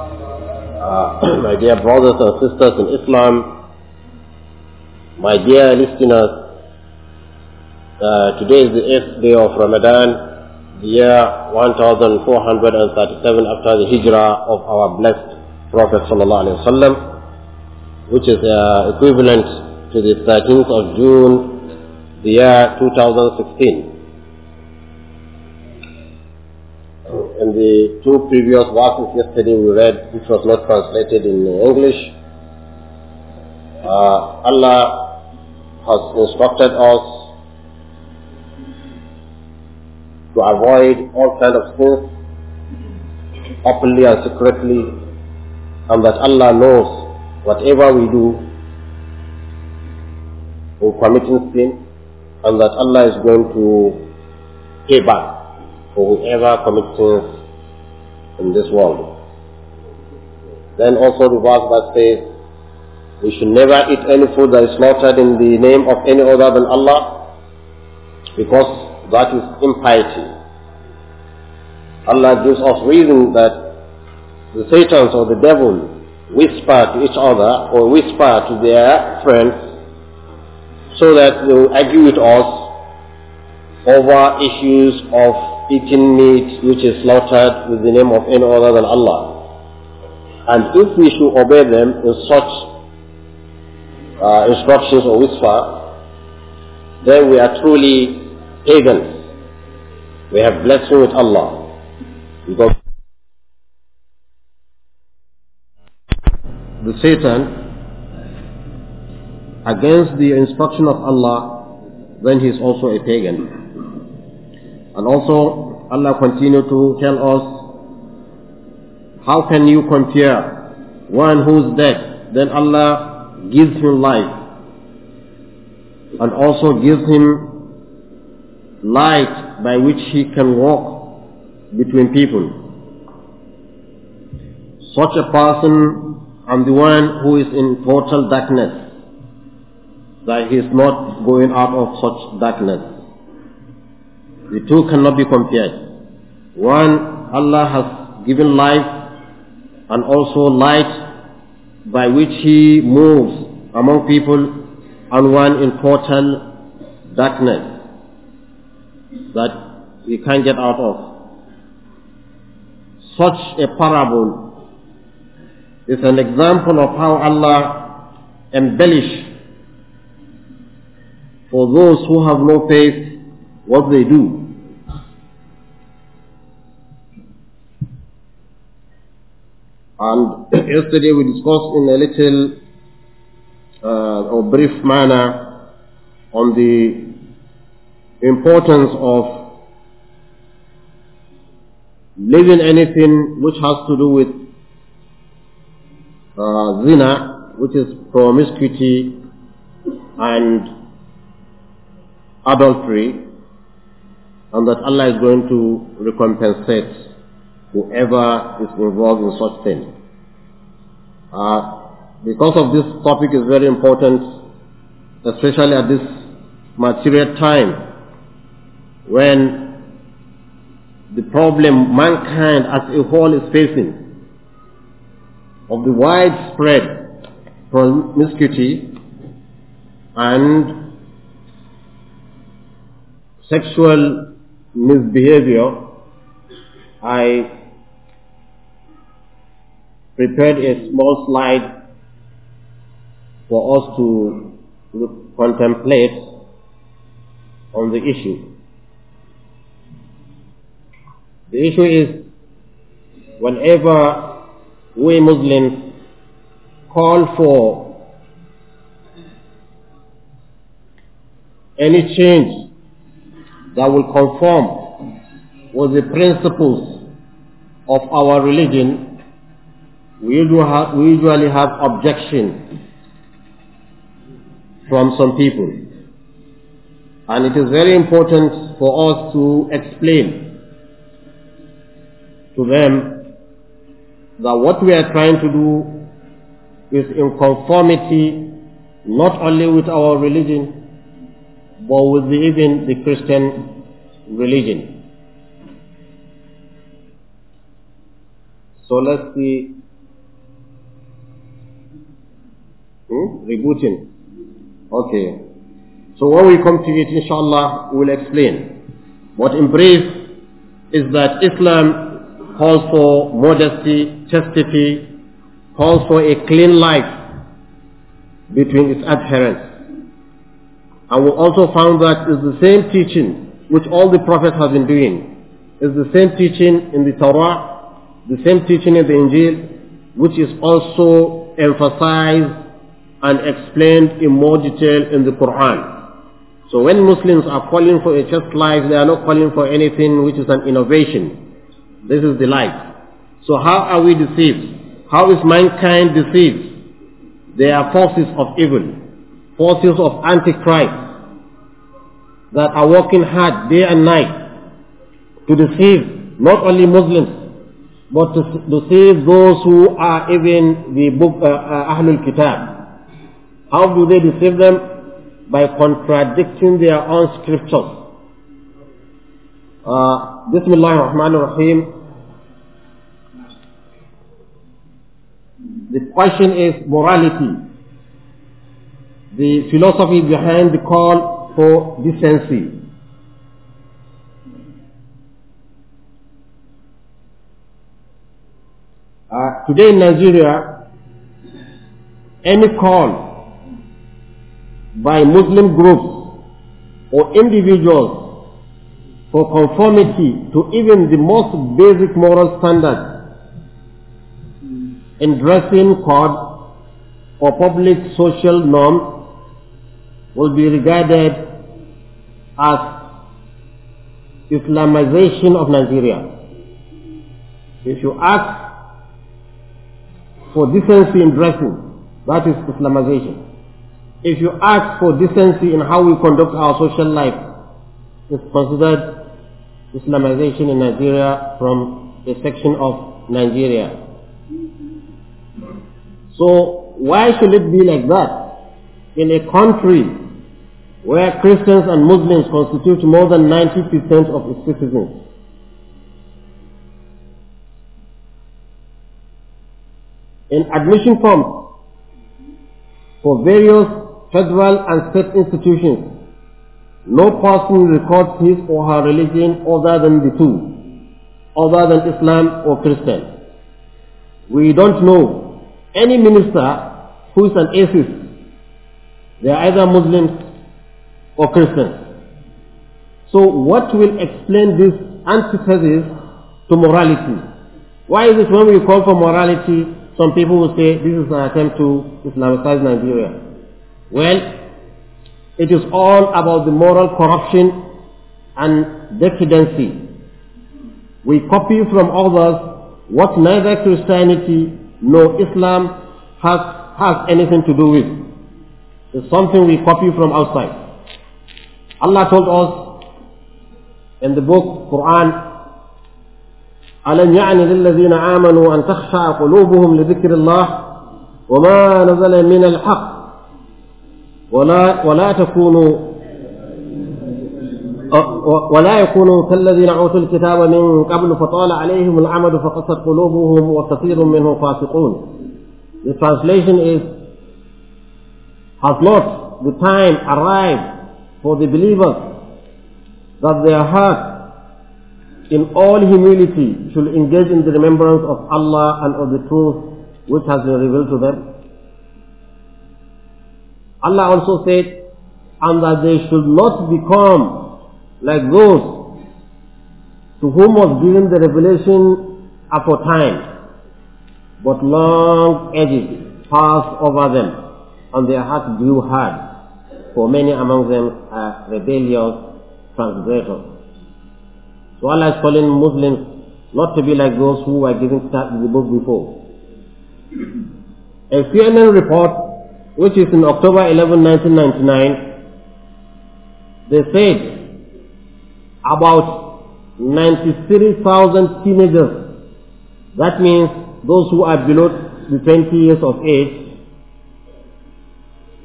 Uh, my dear brothers and sisters in Islam, my dear listeners, uh, today is the eighth day of Ramadan, the year 1437 after the hijrah of our blessed Prophet sallallahu alaihi wasallam, which is uh, equivalent to the 13th of June, the year 2016. in the two previous verses yesterday we read, which was not translated in English, uh, Allah has instructed us to avoid all kind of sins, openly and secretly, and that Allah knows whatever we do in committing sin, and that Allah is going to pay back whoever commits sins in this world. Then also the verse that says, we should never eat any food that is slaughtered in the name of any other than Allah, because that is impiety. Allah gives us reason that the satans or the devil whisper to each other or whisper to their friends so that they will argue with us over issues of eating meat which is slaughtered with the name of any other than Allah. And if we should obey them in such uh, instructions or whisper, then we are truly pagans. We have blessing with Allah. Because the Satan against the instruction of Allah, then he is also a pagan. And also Allah continues to tell us, how can you compare one who is dead, then Allah gives him life and also gives him light by which he can walk between people. Such a person and the one who is in total darkness, that he is not going out of such darkness. The two cannot be compared. One, Allah has given life and also light by which He moves among people and one in total darkness that we can't get out of. Such a parable is an example of how Allah embellish for those who have no faith what they do. And yesterday we discussed in a little uh, or brief manner on the importance of leaving anything which has to do with uh, zina, which is promiscuity and adultery, and that Allah is going to recompensate whoever is involved in such thing. Uh, because of this topic is very important, especially at this material time, when the problem mankind as a whole is facing of the widespread promiscuity and sexual misbehavior, I prepared a small slide for us to contemplate on the issue. The issue is whenever we Muslims call for any change that will conform with the principles of our religion we usually have objection from some people. And it is very important for us to explain to them that what we are trying to do is in conformity not only with our religion but with the, even the Christian religion. So let's see Hmm? Rebooting. Okay. So when we come to it, inshallah, we'll explain. But in brief, is that Islam calls for modesty, chastity, calls for a clean life between its adherents. And we also found that it's the same teaching which all the prophets have been doing. It's the same teaching in the Torah, the same teaching in the Injil, which is also emphasized and explained in more detail in the Quran. So when Muslims are calling for a just life, they are not calling for anything which is an innovation. This is the life. So how are we deceived? How is mankind deceived? There are forces of evil, forces of antichrist that are working hard day and night to deceive not only Muslims, but to deceive those who are even the book uh, uh, Ahlul Kitab. How do they deceive them? By contradicting their own scriptures. Uh, will الله الرحمن rahim The question is morality. The philosophy behind the call for decency. Uh, today in Nigeria, any call by Muslim groups or individuals for conformity to even the most basic moral standards in dressing code or public social norms will be regarded as Islamization of Nigeria. If you ask for decency in dressing, that is Islamization. If you ask for decency in how we conduct our social life, it's considered Islamization in Nigeria from a section of Nigeria. So why should it be like that in a country where Christians and Muslims constitute more than 90% of its citizens? In admission forms for various federal and state institutions. No person records his or her religion other than the two, other than Islam or Christian. We don't know any minister who is an atheist. They are either Muslims or Christians. So what will explain this antithesis to morality? Why is it when we call for morality, some people will say this is an attempt to Islamize Nigeria? Well, it is all about the moral corruption and decadency. We copy from others what neither Christianity nor Islam has, has anything to do with. It's something we copy from outside. Allah told us in the book Quran ألم يعني للذين آمنوا أن تخشع قلوبهم لذكر الله وما نزل من الحق ولا ولا تكونوا ولا يكونوا كالذين اوتوا الكتاب من قبل فطال عليهم العمل فقصت قلوبهم وكثير منهم فاسقون. The translation is has not the time arrived for the believers that their heart in all humility should engage in the remembrance of Allah and of the truth which has been revealed to them. Allah also said, and that they should not become like those to whom was given the revelation aforetime, but long ages passed over them, and their hearts grew hard, for many among them are rebellious transgressors. So Allah is calling Muslims not to be like those who were given the book before. A CNN report which is in October 11, 1999, they said about 93,000 teenagers, that means those who are below the 20 years of age,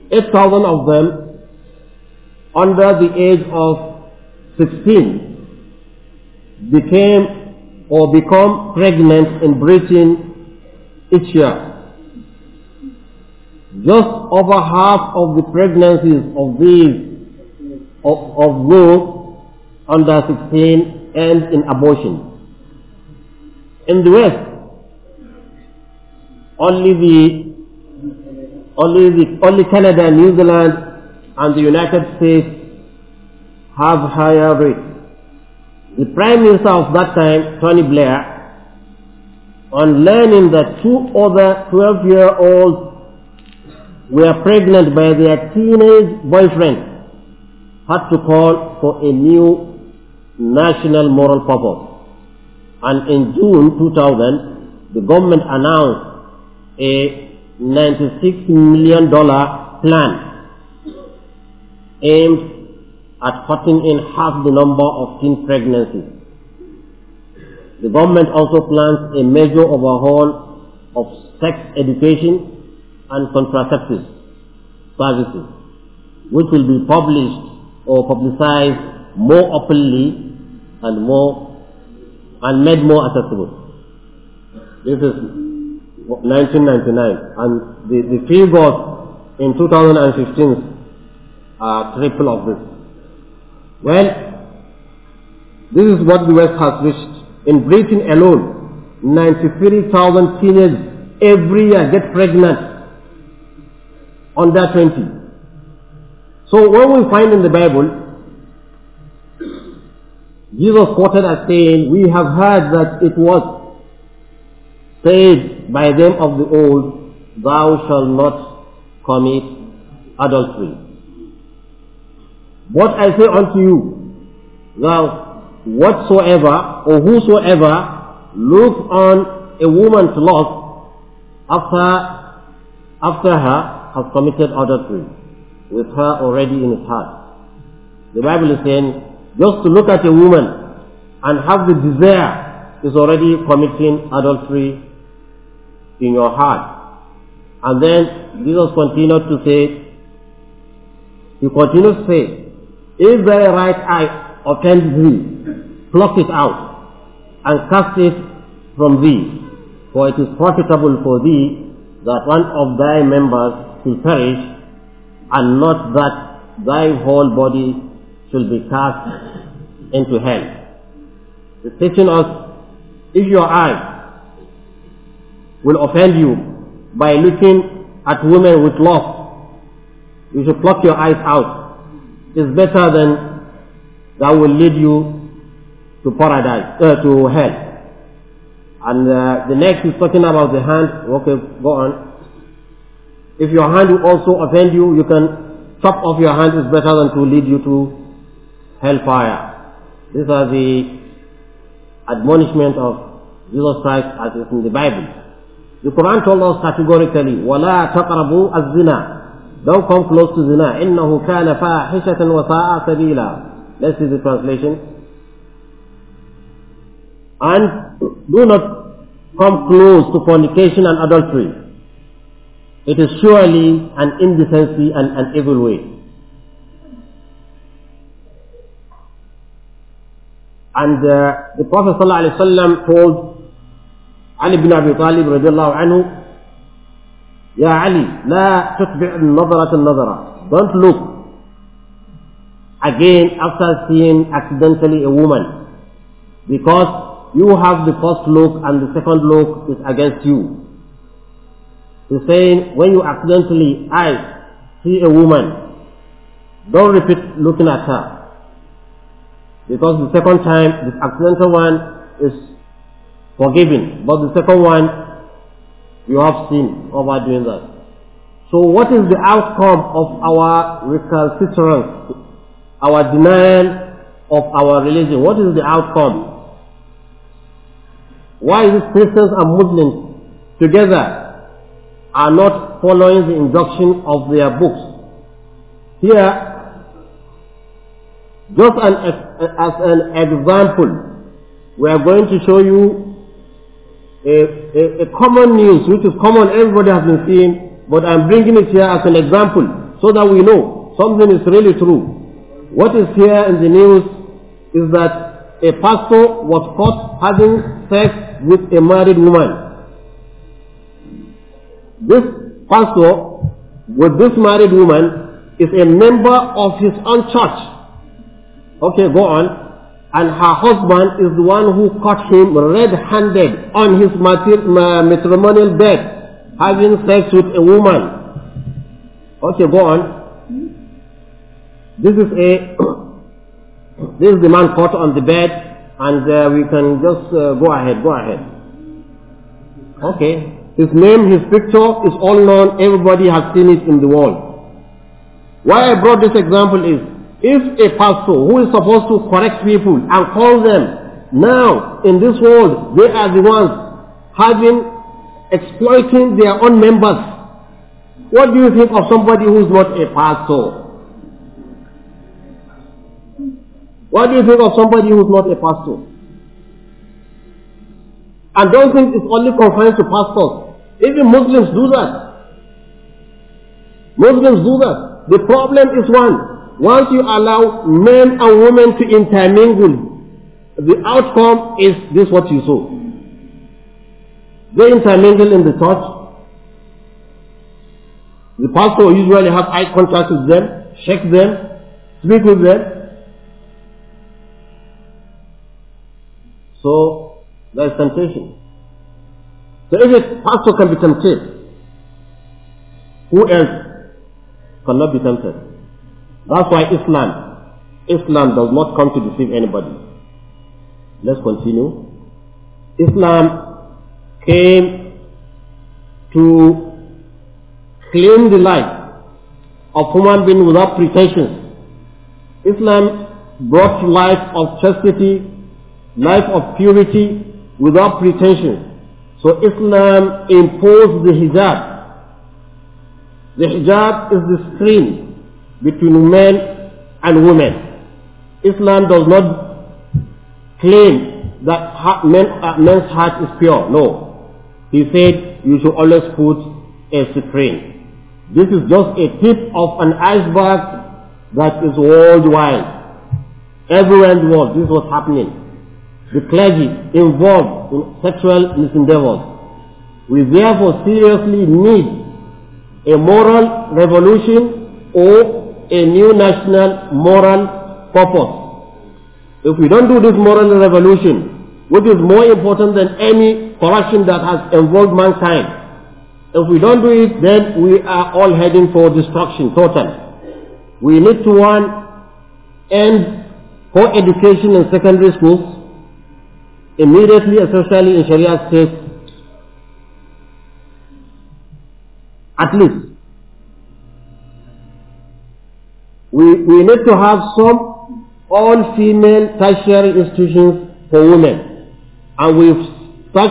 8,000 of them under the age of 16 became or become pregnant in Britain each year. Just over half of the pregnancies of these, of, of those under 16 end in abortion. In the West, only the, only the, only Canada, New Zealand and the United States have higher rates. The Prime Minister of that time, Tony Blair, on learning that two other 12-year-olds were pregnant by their teenage boyfriend had to call for a new national moral purpose. And in June 2000, the government announced a $96 million plan aimed at cutting in half the number of teen pregnancies. The government also plans a major overhaul of sex education and contraceptives services, which will be published or publicized more openly and more and made more accessible. This is 1999, and the, the figures in 2015 are uh, triple of this. Well, this is what the West has reached. In Britain alone, 93,000 teenagers every year get pregnant under 20. So when we find in the Bible, Jesus quoted as saying, We have heard that it was said by them of the old, Thou shalt not commit adultery. What I say unto you, thou whatsoever or whosoever look on a woman's lust after after her has committed adultery with her already in his heart. The Bible is saying just to look at a woman and have the desire is already committing adultery in your heart. And then Jesus continued to say, he continues to say, if thy right eye offends thee, pluck it out and cast it from thee, for it is profitable for thee that one of thy members shall perish, and not that thy whole body shall be cast into hell. It's teaching us, if your eye will offend you by looking at women with lust, you should pluck your eyes out. It's better than that will lead you to paradise, uh, to hell. And uh, the next is talking about the hand. Okay, go on. If your hand will also offend you, you can chop off your hand. It's better than to lead you to hellfire. These are the admonishment of Jesus Christ as it's in the Bible. The Quran told us categorically, وَلَا تَقْرَبُوا الزِّنَا Don't come close to zina. إِنَّهُ كَانَ فَاحِشَةً وَسَاءَ سَبِيلًا Let's see the translation. And do not come close to fornication and adultery. It is surely an indecency and an evil way. And uh, the Prophet ﷺ told Ali ibn Abi Talib radiallahu anhu, يا علي لا تتبع النظرة النظرة don't look again after seeing accidentally a woman because you have the first look and the second look is against you. He's saying, when you accidentally, I see a woman, don't repeat looking at her. Because the second time, this accidental one is forgiven. But the second one, you have sinned over doing that. So what is the outcome of our recalcitrance, our denial of our religion? What is the outcome? Why these Christians and Muslims together are not following the injunction of their books? Here, just an, as an example, we are going to show you a, a, a common news which is common, everybody has been seeing, but I'm bringing it here as an example so that we know something is really true. What is here in the news is that a pastor was caught having sex with a married woman. This pastor with this married woman is a member of his own church. Okay, go on. And her husband is the one who caught him red-handed on his matrimonial bed, having sex with a woman. Okay, go on. This is a this is the man caught on the bed, and uh, we can just uh, go ahead, go ahead. Okay. His name, his picture is all known. Everybody has seen it in the world. Why I brought this example is, if a pastor who is supposed to correct people and call them, now in this world they are the ones having, exploiting their own members. What do you think of somebody who is not a pastor? What do you think of somebody who's not a pastor? And don't think it's only confined to pastors. Even Muslims do that. Muslims do that. The problem is one. Once you allow men and women to intermingle, the outcome is this what you saw. They intermingle in the church. The pastor usually have eye contact with them, shake them, speak with them, So there is temptation. So if a pastor can be tempted, who else cannot be tempted? That's why Islam, Islam does not come to deceive anybody. Let's continue. Islam came to claim the life of human being without pretension. Islam brought life of chastity, life of purity without pretension. So Islam imposed the hijab. The hijab is the screen between men and women. Islam does not claim that men, uh, men's heart is pure. No. He said you should always put a screen. This is just a tip of an iceberg that is worldwide. Everywhere in the world, this was happening the clergy involved in sexual misendeavors. We therefore seriously need a moral revolution or a new national moral purpose. If we don't do this moral revolution, which is more important than any corruption that has involved mankind, if we don't do it, then we are all heading for destruction, total. We need to one, end co-education in secondary schools, immediately, especially in Sharia states, at least. We, we need to have some all-female tertiary institutions for women. And we touch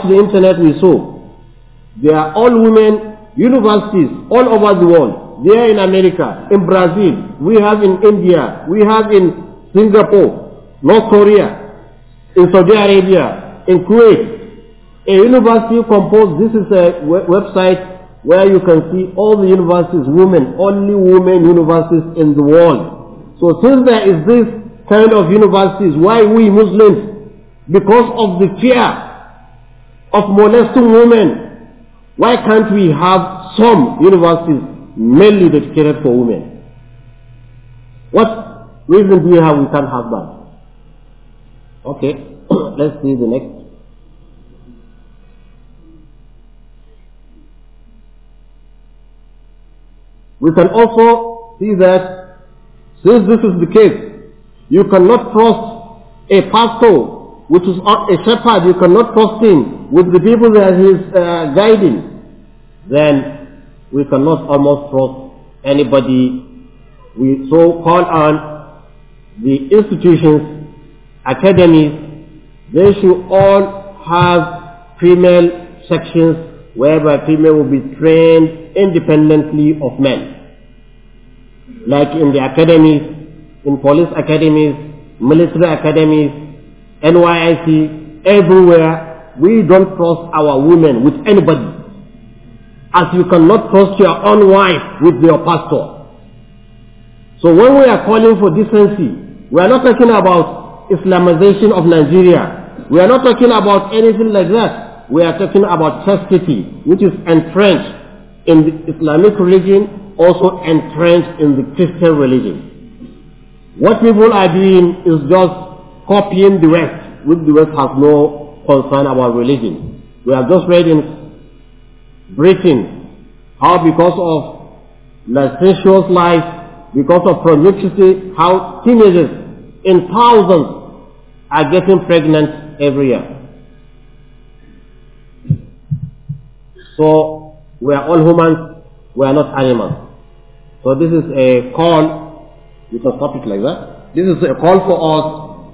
searched the internet, we saw. There are all-women universities all over the world. There in America, in Brazil, we have in India, we have in Singapore, North Korea, in Saudi Arabia, in Kuwait, a university composed, this is a website where you can see all the universities, women, only women universities in the world. So since there is this kind of universities, why we Muslims, because of the fear of molesting women, why can't we have some universities mainly dedicated for women? What reason do you have we can't have that? Okay, let's see the next. We can also see that since this is the case, you cannot trust a pastor which is a shepherd, you cannot trust him with the people that he is uh, guiding, then we cannot almost trust anybody we so call on the institutions academies, they should all have female sections whereby female will be trained independently of men. Like in the academies, in police academies, military academies, NYIC, everywhere, we don't trust our women with anybody. As you cannot trust your own wife with your pastor. So when we are calling for decency, we are not talking about Islamization of Nigeria. We are not talking about anything like that. We are talking about chastity, which is entrenched in the Islamic religion, also entrenched in the Christian religion. What people are doing is just copying the West, which the West has no concern about religion. We have just read in Britain how because of licentious life, because of promiscuity, how teenagers in thousands are getting pregnant every year. So we are all humans, we are not animals. So this is a call, you can stop it like that. This is a call for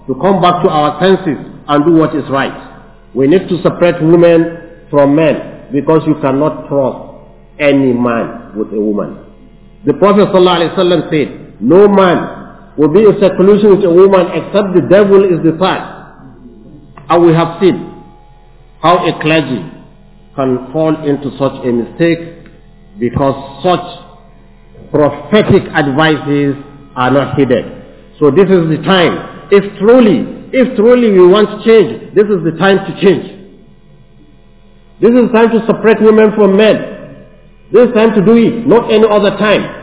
us to come back to our senses and do what is right. We need to separate women from men because you cannot trust any man with a woman. The Prophet ﷺ said, no man will be a seclusion with a woman except the devil is the third. And we have seen how a clergy can fall into such a mistake because such prophetic advices are not heeded. So this is the time. If truly, if truly we want change, this is the time to change. This is time to separate women from men. This is time to do it, not any other time.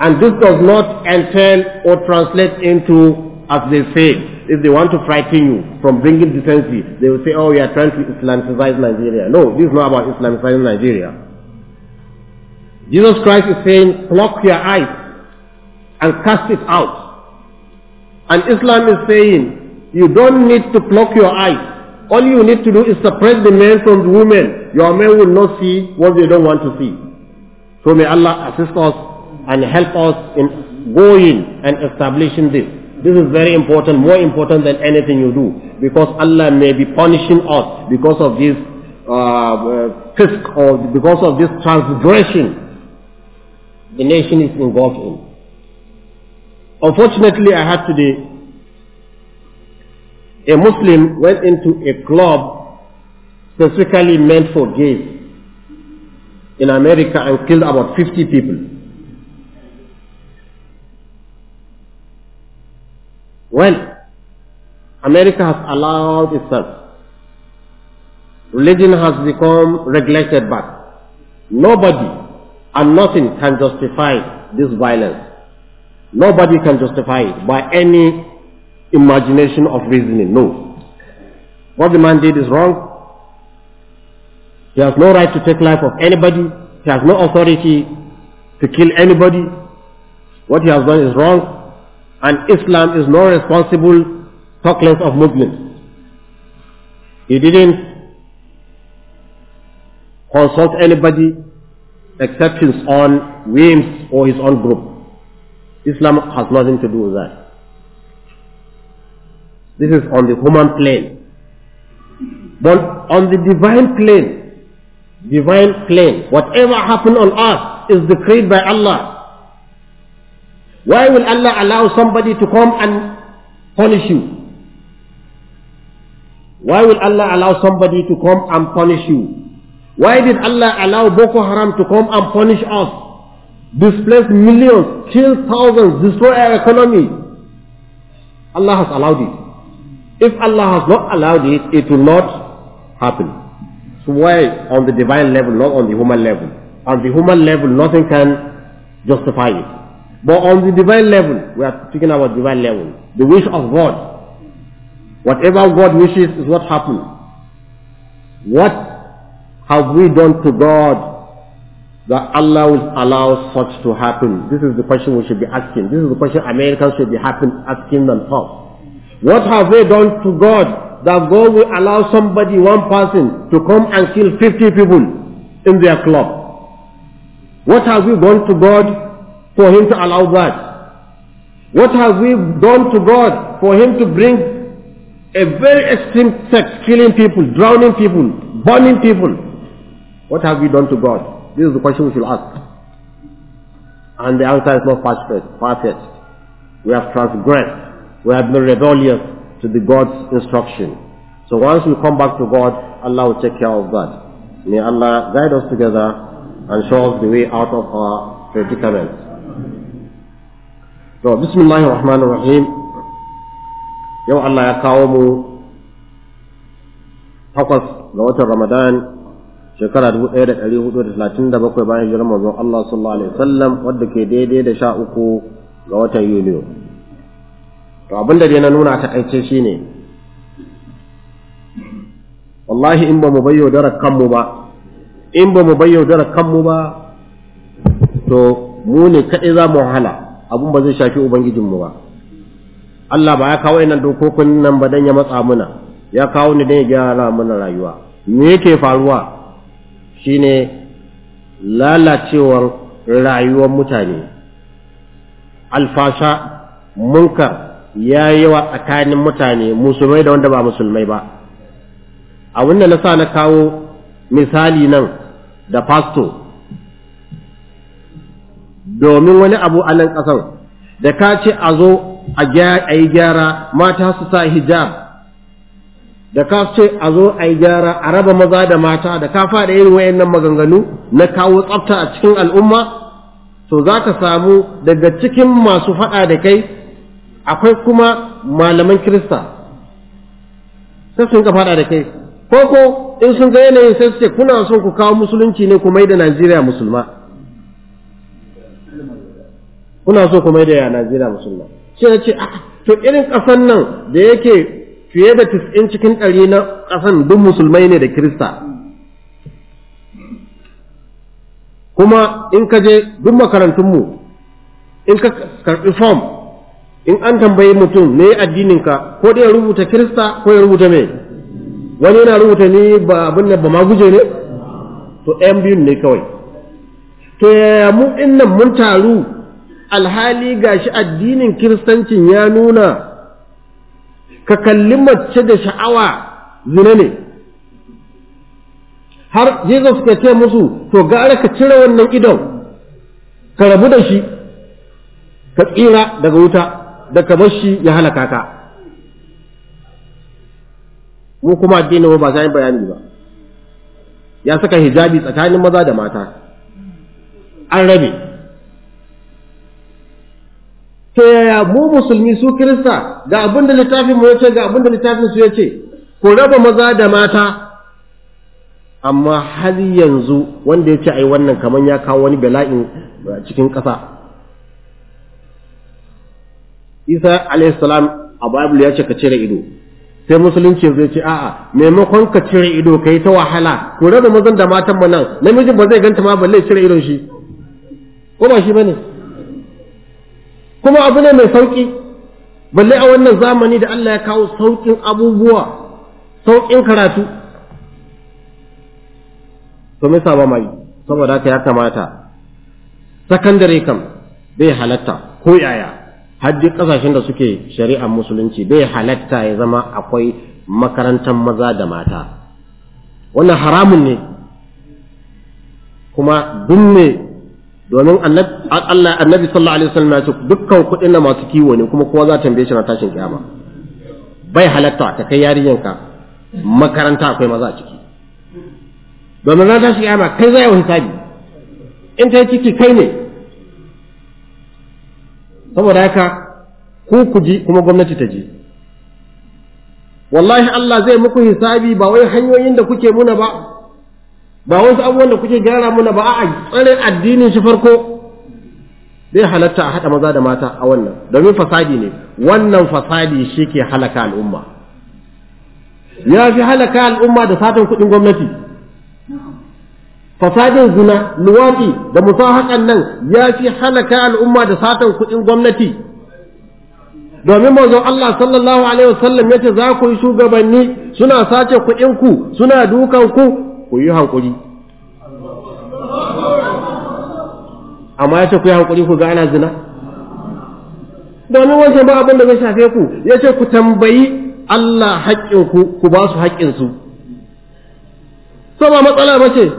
And this does not entail or translate into, as they say, if they want to frighten you from bringing decency, they will say, oh, we are trying to Islamicize Nigeria. No, this is not about Islamicizing Nigeria. Jesus Christ is saying, block your eyes and cast it out. And Islam is saying, you don't need to block your eyes. All you need to do is suppress the men from the women. Your men will not see what they don't want to see. So may Allah assist us and help us in going and establishing this. This is very important, more important than anything you do, because Allah may be punishing us because of this uh, uh fisk or because of this transgression the nation is involved in. Unfortunately, I had today a Muslim went into a club specifically meant for gays in America and killed about 50 people. When America has allowed itself, religion has become regulated back. Nobody and nothing can justify this violence. Nobody can justify it by any imagination of reasoning. No. What the man did is wrong. He has no right to take life of anybody. He has no authority to kill anybody. What he has done is wrong and Islam is no responsible talkless of movement. He didn't consult anybody except his own whims or his own group. Islam has nothing to do with that. This is on the human plane. But on the divine plane, divine plane, whatever happened on earth is decreed by Allah why will Allah allow somebody to come and punish you? Why will Allah allow somebody to come and punish you? Why did Allah allow Boko Haram to come and punish us? Displace millions, kill thousands, destroy our economy. Allah has allowed it. If Allah has not allowed it, it will not happen. So why on the divine level, not on the human level? On the human level, nothing can justify it. But on the divine level, we are speaking about divine level, the wish of God. Whatever God wishes is what happens. What have we done to God that Allah will allow such to happen? This is the question we should be asking. This is the question Americans should be happen, asking themselves. What have they done to God that God will allow somebody, one person, to come and kill 50 people in their club? What have we done to God for him to allow that? What have we done to God for him to bring a very extreme sect, killing people, drowning people, burning people? What have we done to God? This is the question we should ask. And the answer is not perfect. We have transgressed. We have been rebellious to the God's instruction. So once we come back to God, Allah will take care of that. May Allah guide us together and show us the way out of our predicament. to bismillahi rahmanir rahim yau Allah ya kawo mu takwas ga watan Ramadan shekara dubu ɗaya da da da talatin bakwai bayan hijirar manzon Allah sallallahu alaihi wasallam wadda ke daidai da sha uku ga watan Yuliyo. to abinda dai na nuna takaice shine wallahi in ba mu dara kanmu ba in ba mu dara kanmu ba to mu ne kaɗai za mu wahala abun ba zai shafi mu ba Allah ba ya kawo nan dokokin nan ba dan ya matsa muna ya kawo ni dan ya gyara muna rayuwa me yake faruwa shine lalacewar rayuwar mutane alfasha munkar ya yawa tsakanin mutane musulmai da wanda ba musulmai ba abinda na sa na kawo misali nan da pastor domin wani abu a nan ƙasar da ka ce a zo a yi gyara mata su sa hijab da ka ce a zo a yi gyara a raba maza da mata da ka faɗa irin wayannan maganganu na kawo tsafta a cikin al'umma to za ka samu daga cikin masu faɗa da kai akwai kuma malaman kirista sai sun ka faɗa da kai ko in sun ga yanayin sai su ce kuna son ku kawo musulunci ne ku mai da najeriya musulma kuna so ku maida ya Najeriya musulma sai na ce to irin ƙasan nan da yake fiye da tis'in cikin ɗari na ƙasan duk musulmai ne da kirista kuma in ka je duk makarantunmu in ka karɓi fom in an tambayi mutum ne addininka ko da ya rubuta kirista ko ya rubuta me wani yana rubuta ni ba abin da ba ma ne to ɗayan biyun ne kawai to yaya mu in nan mun taru alhali ga shi addinin kiristancin ya nuna ka kalli mace da sha'awa zina ne har jesus ka ce musu to gara ka cire wannan idon ka rabu da shi ka tsira daga wuta da ka bar shi ya halaka ka mu kuma addinin ba yi bayani ba ya saka hijabi tsakanin maza da mata an rabe ta yaya mu musulmi su kirista ga abin da littafin mu yace ga abin da littafin su yace ku raba maza da mata amma har yanzu wanda ya yace ai wannan kaman ya kawo wani bala'in cikin ƙasa Isa alaihissalam a Bible ya ce ka cire ido sai musulunci zai ce a'a maimakon ka cire ido ka yi ta wahala ku raba mazan da matan mu nan namijin ba zai ganta ma balle cire idon shi ko ba shi bane kuma abu ne mai sauƙi balle a wannan zamani da Allah ya kawo sauƙin abubuwa sauƙin karatu to me sa ba mai saboda haka ya kamata sakandare kam bai halatta ko yaya har ƙasashen da suke shari'ar musulunci bai halatta ya zama akwai makarantar maza da mata wannan haramun ne kuma duk domin Allah annabi sallallahu alaihi wasallam ya ce dukkan kuɗin na masu kiwo ne kuma kowa za ta tambaye shi na tashin kiyama bai halatta ka kai yarinyanka makaranta akwai maza a ciki domin na tashin kiyama kai zai yi hisabi in ta yi ciki kai ne saboda haka ku ku ji kuma gwamnati ta ji wallahi Allah zai muku hisabi ba wai hanyoyin da kuke muna ba ba wasu abubuwan da kuke gyara muna ba a tsare addinin shi farko Zai halatta a haɗa maza da mata a wannan domin fasadi ne wannan fasadi shi ke halaka al'umma ya fi halaka al'umma da satan kuɗin gwamnati fasadin zina luwaɗi da musahakan nan ya fi halaka al'umma da satan kuɗin gwamnati domin manzon Allah sallallahu alaihi wasallam yace za ku yi shugabanni suna sace kuɗin ku suna dukan ku ku yi hankuri amma ya ce ku yi hankuri ku ga ana zina domin wancan ba abin da zai shafe ku ya ce ku tambayi Allah haƙƙinku ku ku ba su haƙƙinsu sama matsala ba ce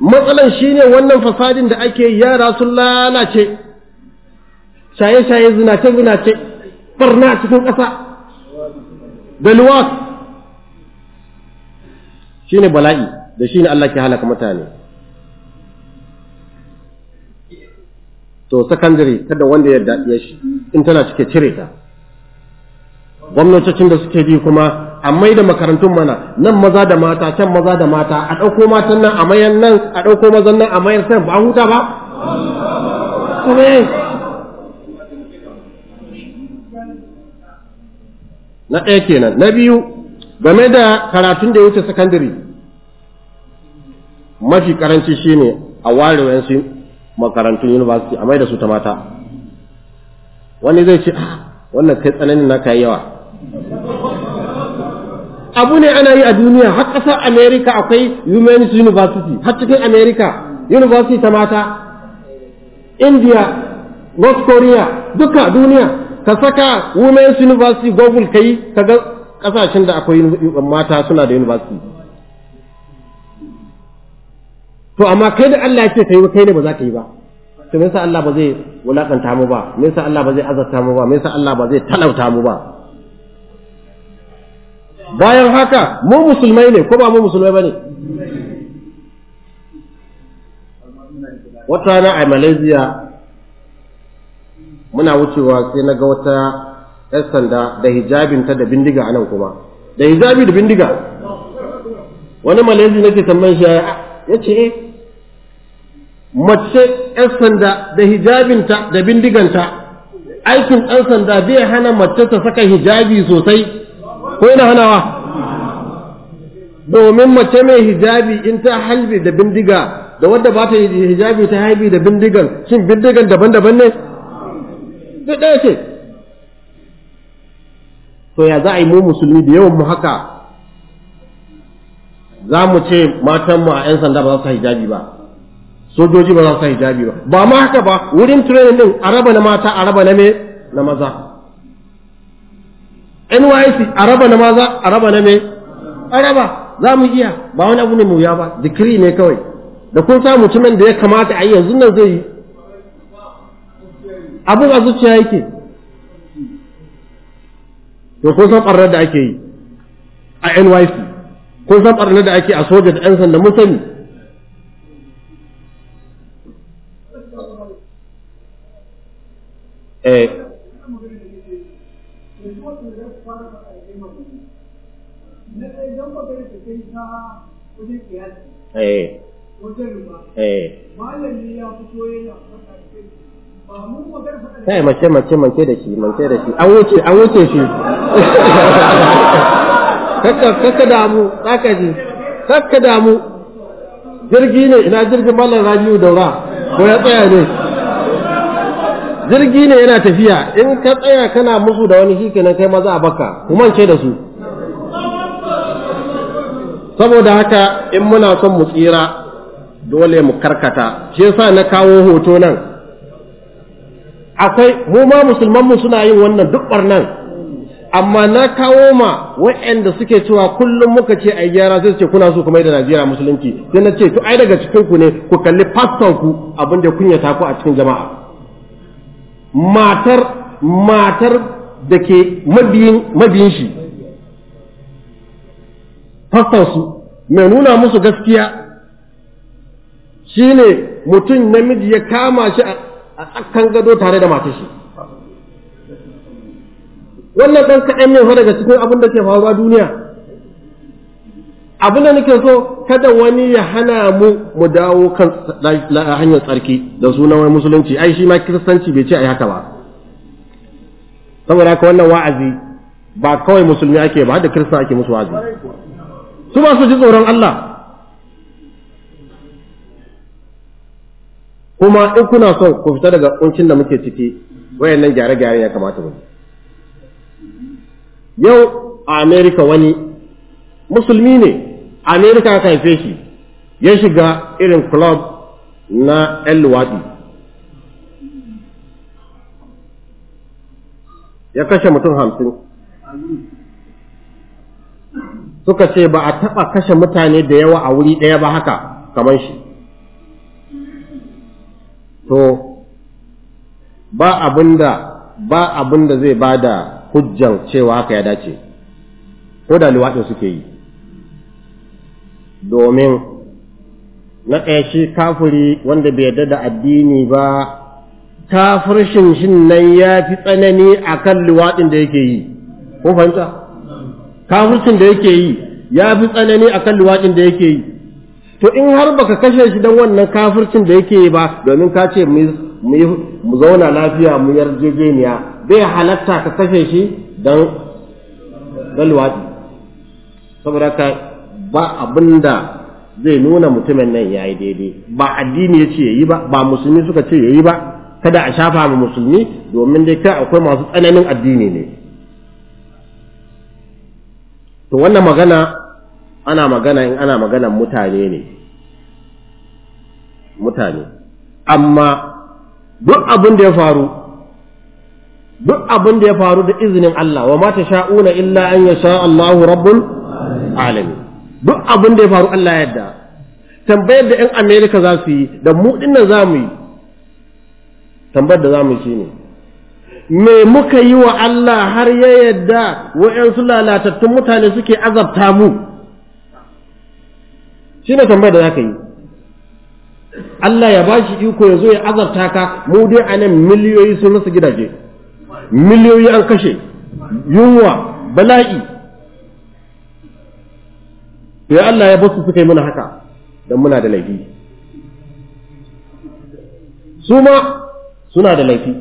matsalan shine wannan fasadin da ake yara sun lalace shaye-shaye zinace-zinace ɓarna cikin ƙasa da luwas Shi ne bala'i da shi ne Allah ke halaka mutane to secondary kada wanda ya daɗe shi in tana cike cire ta gwamnatocin da suke bi kuma a mai da makarantun mana nan maza da mata can maza da mata a ɗauko matan nan a mayan nan a ɗauko mazan nan a mayan san ba huta ba na ɗaya kenan na biyu game da karatun da ya wuce sakandare mafi karanci shine a ware wayansu makarantun university a mai da su ta mata wani zai ce ah wannan kai tsananin na kai yawa abu ne ana yi a duniya har ƙasar america akwai women's university har cikin america university ta mata india north korea duka duniya ka saka women's university google kai ka ga kasashen da akwai mata suna da university to amma kai da Allah ya ce kai kai ne ba za ka yi ba to me yasa Allah ba zai wulakanta mu ba me yasa Allah ba zai azarta mu ba me yasa Allah ba zai talauta mu ba bayan haka mu musulmai ne ko ba mu musulmai bane wata rana a Malaysia muna wucewa sai na ga wata yan sanda da hijabinta da bindiga a nan kuma da hijabi da bindiga wani malaysi nake tambayan shi ya ce eh mace yan sanda da hijabinta da bindiganta aikin ɗan sanda zai hana mace ta saka hijabi sosai ko yana hanawa domin mace mai hijabi in ta halbe da bindiga da wadda ba ta hijabi ta halbe da bindigan shin bindigan daban-daban ne duk ɗaya ce to ya za a yi mu musulmi da yawan mu haka za mu ce matanmu a 'yan sanda ba za su hijabi ba sojoji ba za su hijabi ba ba ma haka ba wurin training din araba na mata araba na me na maza NYC araba na maza araba na me araba za mu iya ba wani abu ne mu ya ba dikiri ne kawai da kun samu mutumin da ya kamata a yi yanzu nan zai yi abin a zuciya yake to kun san ɓarnar da ake yi a NYC kun san ɓarnar da ake a soja da ɗan sanda mun sani eh Eh. Eh. kai eh, mace mace mace da shi mace da shi an wuce an wuce shi kakka kakka mu zaka ji kakka damu jirgi ne ina jirgin mallan rabiu daura ko ya tsaya ne jirgi ne yana tafiya in ka tsaya kana musu da wani shikenan kai maza a baka kuma ce da su saboda haka in muna son mu tsira dole mu karkata shi yasa na kawo hoto nan akwai mu ma musulman mu suna yin wannan duk barnan amma na kawo ma wa'anda suke cewa kullum muka ce ai gyara sai ce kuna so kuma da Najeriya musulunci sai na ce to ai daga cikin ku ne ku kalli pastor ku abin da kunyata ku a cikin jama'a matar matar da ke mabiyin mabiyin shi pastor su mai nuna musu gaskiya shine mutum namiji ya kama shi a tsakan gado tare da matashi. shi wannan ɗan kaɗan ne daga cikin abin da ke faruwa duniya abin da nake so kada wani ya hana mu mu dawo kan hanyar tsarki da sunan wani musulunci ai shi ma kiristanci bai ce a ai haka ba saboda haka wannan wa'azi ba kawai musulmi ake ba da kirista ake musu wa'azi su ba su ji tsoron Allah kuma in kuna son ku fita daga kuncin da muke ciki wayannan gyare gyare ya kamata mu yau a America wani musulmi ne Amerika ka haife shi ya shiga irin club na ƴan luwaɗi ya kashe mutum hamsin suka ce ba a taɓa kashe mutane da yawa a wuri ɗaya ba haka kamar shi to ba abinda ba abinda zai bada hujjan cewa haka ya dace ko da luwaɗin suke yi domin na ɗaya shi kafuri wanda bai yarda da addini ba kafirshin shin nan ya fi tsanani a kan luwaɗin da yake yi ko fahimta kafirshin da yake yi ya fi tsanani a kan luwaɗin da yake yi to in har baka kashe shi dan wannan kafircin da yake ba domin ka ce mu zauna lafiya mu yarjejeniya bai halatta ka kashe shi dan luwaɗi saboda ka ba abinda zai nuna mutumin nan ya yi daidai ba addini ya ce ya yi ba ba musulmi suka ce ya yi ba kada a shafa ba musulmi domin dai kai akwai masu tsananin addini ne to wannan magana ana magana in ana maganan mutane ne mutane amma duk abin da ya faru duk abin da ya faru da izinin Allah wa ma sha'una illa an yasha Allahu rabbul alamin duk abin da ya faru Allah ya yarda. tambayar da yan America za su yi da mu dinnan za mu yi tambayar da za mu yi ne, me muka yi wa Allah har ya yarda wa'yansu lalatattun mutane suke azabta mu shi ne tambayar da zaka yi Allah ya bashi iko ya zo ya azarta ka mu dai a nan miliyoyi sun rasa gidaje miliyoyi an kashe yunwa bala'i ya Allah ya basu suka yi mana haka don muna da laifi su ma suna da laifi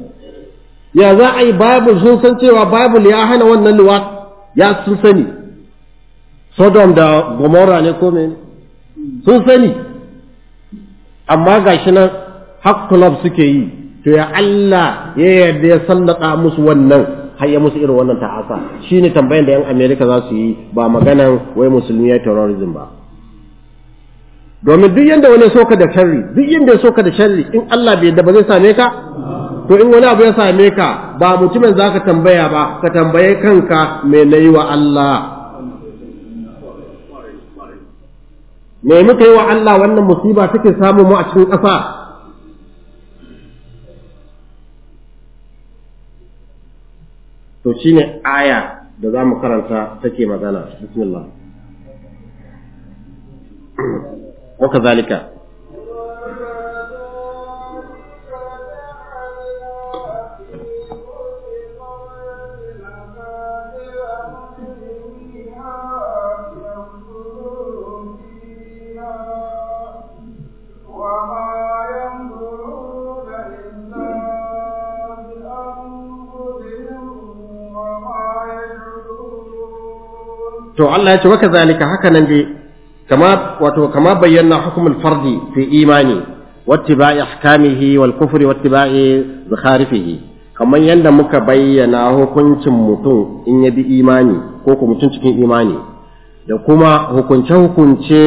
ya za a yi babu sun san cewa babu ya hana wannan luwat ya sun sani sodom da Gomora ne ko mene sun sani amma ga shi nan har suke yi to ya Allah ya yarda ya sallaka musu wannan har ya musu irin wannan ta'asa shine tambayan da yan America za su yi ba maganan wai musulmi ya terrorism ba domin duk yanda wani soka da sharri duk yanda ya soka da sharri in Allah bai yarda ba zai same ka to in wani abu ya same ka ba mutumin zaka tambaya ba ka tambaye kanka me nayi wa Allah me muka yi wa Allah wannan musiba take samu mu a cikin ƙasa to shine aya da za mu karanta take magana bismillah kazalika to Allah ya ce waka zalika haka nan dai kama wato kama bayyana hukumul fardi fi imani wattiba'i ahkamihi wal kufri wattiba'i zakharifihi kamar yadda muka bayyana hukuncin mutum in ya bi imani ko ku mutum cikin imani da kuma hukunce-hukunce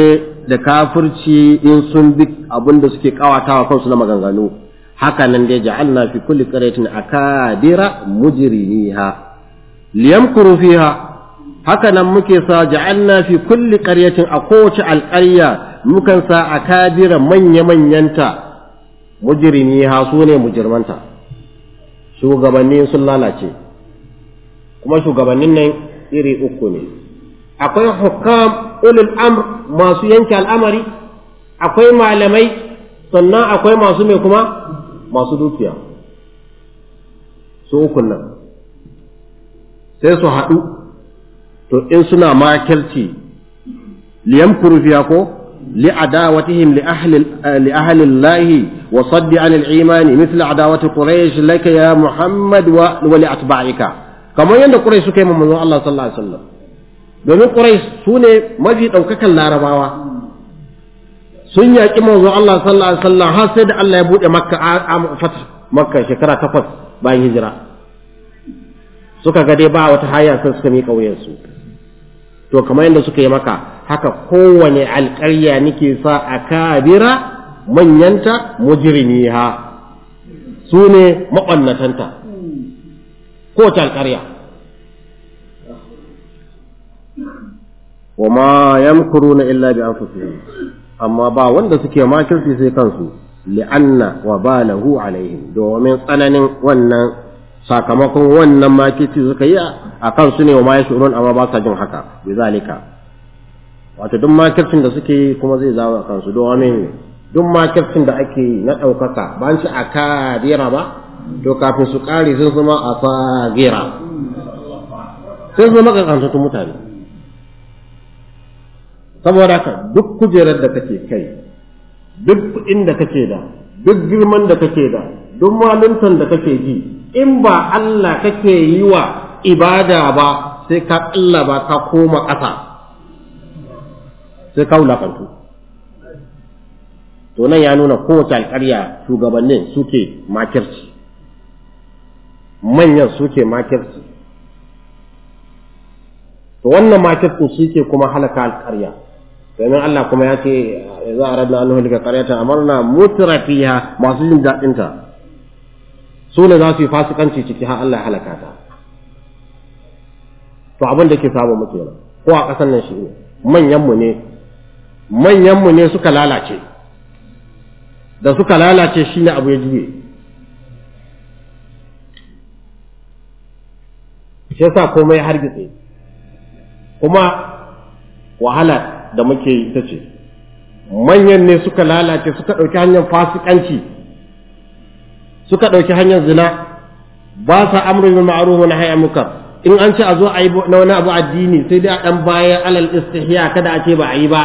da kafirci in sun bi abin da suke kawatawa kansu na maganganu haka nan dai ja'alna fi kulli qaryatin akadira mujrimiha liyamkuru fiha haka nan muke sa ja'alna fi kulli qaryatin a kowace alƙarya mukan sa akabira manya manyanta mujrimi ha su ne mujirmanta shugabanni sun lalace kuma shugabannin nan iri uku ne akwai hukam ulul amr masu yanke al'amari akwai malamai sannan akwai masu mai kuma masu dukiya su uku nan sai su haɗu to in suna makirci liyamkuru fiha ko لعداوتهم لأهل لأهل الله وصد عن الإيمان مثل عداوة قريش لك يا محمد ولأتباعك كما يند قريش كما من الله صلى الله عليه وسلم domin Quraysh sune mafi ɗaukakan larabawa sun yaƙi manzo Allah sallallahu alaihi wasallam har sai da Allah ya buɗe makka a makka shekara takwas bayan hijira suka ga dai ba wata haya sai suka miƙa wuyansu to kamar yadda suka yi maka haka kowane alƙarya nake sa a kabira manyanta ha su ne maɓannatanta kowace alƙarya kuru na illa bi anfusihim amma ba wanda suke makirci sai kansu li'anna wa balahu alaihim domin tsananin wannan sakamakon wannan makici suka yi a kan su ne wa ma yashurun amma ba sa jin haka bi zalika wato duk makircin da suke yi kuma zai zawo a kansu don amin duk makircin da ake yi na ɗaukaka ba shi a kadira ba to kafin su ƙari sun zama a tsagira sun zama ƙanƙantattun mutane saboda haka duk kujerar da kake kai duk kuɗin da kake da duk girman da kake da duk malintan da kake ji in ba Allah kake yi wa ibada ba sai ka ƙilla ba ka koma ƙasa sai ka wulaƙantu to nan ya nuna kowace alƙarya shugabannin suke makirci manyan suke makirci to wannan makirci suke ke kuma halaka alƙarya domin Allah kuma ya ce za a rabna an hulika ƙaryata amarna rafiya masu jin daɗinta su ne za su yi fasikanci ciki har Allah ya halaka ta to abin da ke samu muke kenan ko a ƙasan nan shi ne manyan mu ne manyan mu ne suka lalace da suka lalace shi ne abu ya juye shi yasa komai hargitse kuma wahala da muke yi ta ce manyan ne suka lalace suka ɗauki hanyar fasikanci suka ɗauki hanyar zina ba sa amru bil ma'ruf wa nahyi munkar in an ce a zo a yi na wani abu addini sai dai a dan baya alal istihya kada a ce ba a yi ba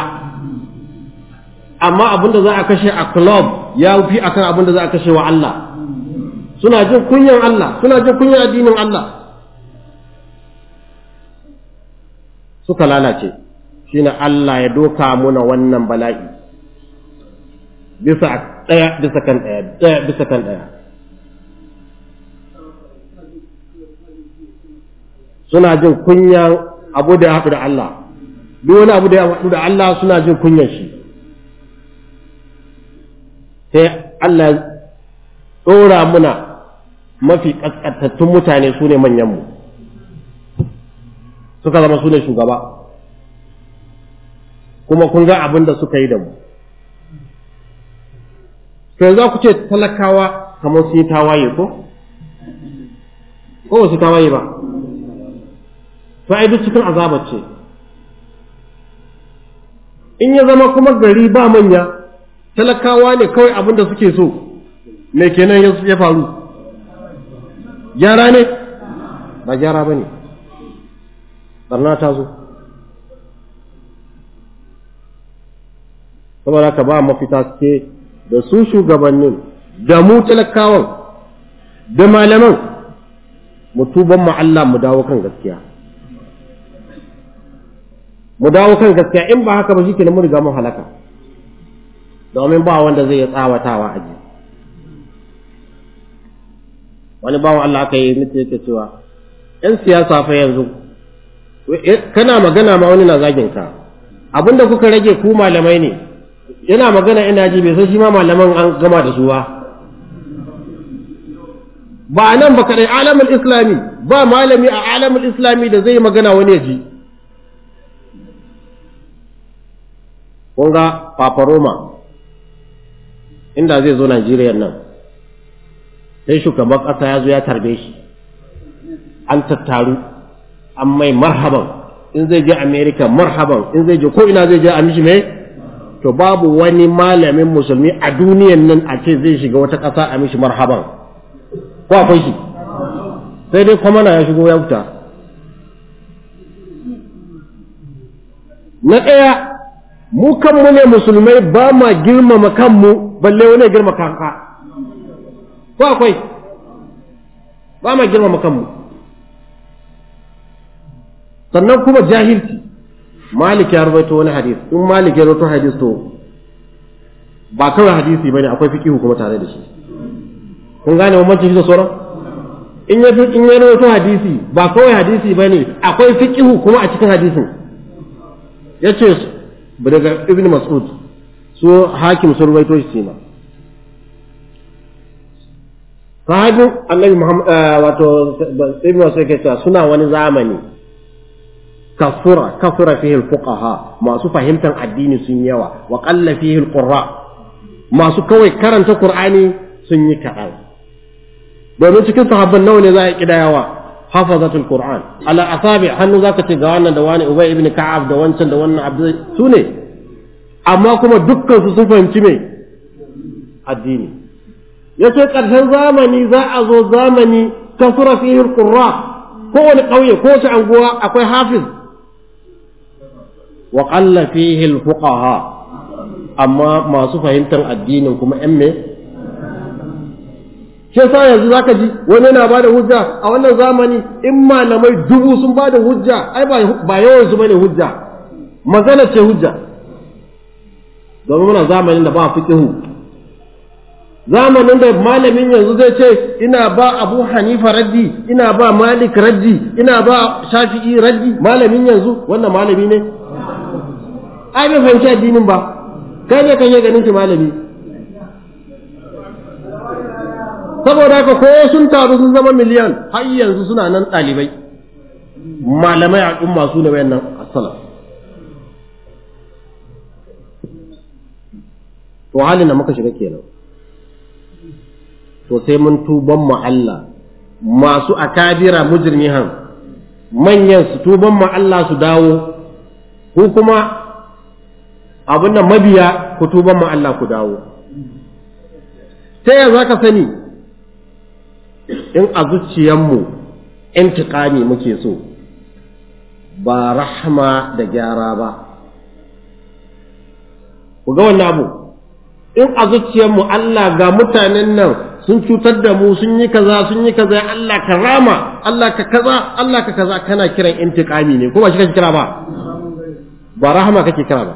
amma abin da za a kashe a club ya fi akan abin da za a kashe wa Allah suna jin kunyan Allah suna jin kunyan addinin Allah suka lalace shine Allah ya doka muna wannan bala'i bisa ɗaya bisa kan ɗaya bisa kan ɗaya suna jin kunyan abu da ya haɗu da Allah duk wani abu da ya haɗu da Allah suna jin kunyan shi sai Allah ɗora muna mafi ƙasƙantattun mutane su ne manyanmu suka zama su ne shugaba kuma kun ga abin da suka yi da mu sai za ku ce talakawa kamar su yi tawaye ko ko su tawaye ba to duk cikin azabar ce in ya zama kuma gari ba manya talakawa ne kawai abin da suke so me kenan ya faru gyara ne ba gyara ba ne barna ta zo saboda ka ba mafita suke da su shugabannin da mu talakawan da malaman mu tuban mu Allah mu dawo kan gaskiya mu dawo kan gaskiya in ba haka ba shi kenan mun riga mun halaka domin ba wanda zai tsawatawa a jiki wani bawan Allah aka yi mutu yake cewa ‘yan siyasa fa yanzu kana magana ma wani na zagin ka abinda kuka rage ku malamai ne yana magana ina ji bai san shi ma malaman an gama da su ba ba nan ba kadai alamul islami ba malami a alamul islami da zai magana wani ya ji kun ga roma inda zai zo Najeriya nan sai shugaban ƙasa ya zo ya tarbe shi an tattaru an mai marhaban in zai je Amerika marhaban in zai je ko ina zai je a mishi mai to babu wani malamin musulmi a duniyan nan a ce zai shiga wata ƙasa a mishi marhaban ko akwai shi sai dai kwamana ya shigo ya wuta na ɗaya mu kanmu ne musulmai ba ma girmama kanmu balle wani girma kanka ko akwai ba ma girmama kanmu sannan kuma jahilci malik ya rubaito wani hadis in malik ya rubaito hadis to ba kawai hadisi bane akwai fiqihu kuma tare da shi kun gane bambancin shi da sauran in ya in ya rubuta hadisi ba kawai hadisi bane akwai fiqihu kuma a cikin hadisin yace daga ibn mas'ud su hakim sun ruwaito shi sima sahabin annabi muhammad eh, wato ibn mas'ud yake cewa suna wani zamani kafura kasura fihi fuqaha masu fahimtar addini sun yawa wa qalla fihi alqurra masu kawai karanta qur'ani sun yi kaɗan domin cikin sahabban nawa ne za a kidayawa حفظت القران على اصابع هل ذاك تغانا دواني ابي ابن كعب دوان سن دوان عبد سوني اما كما دكان صفه فهمتي مي الدين يسو قد زماني ذا ازو زماني كثر فيه القراء كو القوي كو سانغوا اكو حافظ وقل فيه الفقهاء اما ما صفه فهمتن الدين كما امي shi yasa yanzu zaka ji wani yana bada hujja a wannan zamani in malamai dubu sun bada hujja ai ba yawan su bane hujja mazana ce hujja domin muna zamanin da ba fiqihu zamanin da malamin yanzu zai ce ina ba abu hanifa raddi ina ba malik raddi ina ba shafi'i raddi malamin yanzu wannan malami ne ai bai fahimci addinin ba kai ne kan yi ganin shi malami saboda haka ko sun taru sun zama miliyan har yanzu suna nan ɗalibai malamai a al'umma su ne wayannan asala to halin da muka shiga kenan to sai mun tuban mu Allah masu akabira han manyan su tuban mu Allah su dawo ko kuma abin mabiya ku tuban mu Allah ku dawo ta za ka sani in a zuciyanmu intiƙami muke so ba rahama da gyara ba ku ga wannan abu in a zuciyarmu Allah ga mutanen nan sun cutar da mu sun yi kaza sun yi kaza Allah ka rama Allah ka kaza Allah ka kaza kana kiran intiqami ne ko ba shi kake kira ba ba rahama kake kira ba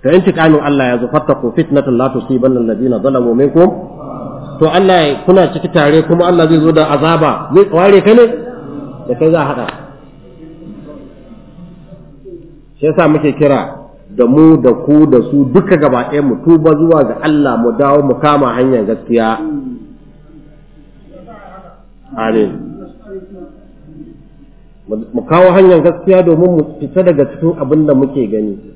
to intiqamin Allah ya zo fattaqu fitnatul la tusibanna alladhina zalamu minkum to Allah ya kuna ciki tare kuma Allah zai zo da azaba zai ware ka ne da kai za a haɗa shi yasa muke kira da mu da ku da su duka gaba ɗaya mu tuba zuwa ga Allah mu dawo mu kama hanyar gaskiya amin mu kawo hanyar gaskiya domin mu fita daga cikin abin da muke gani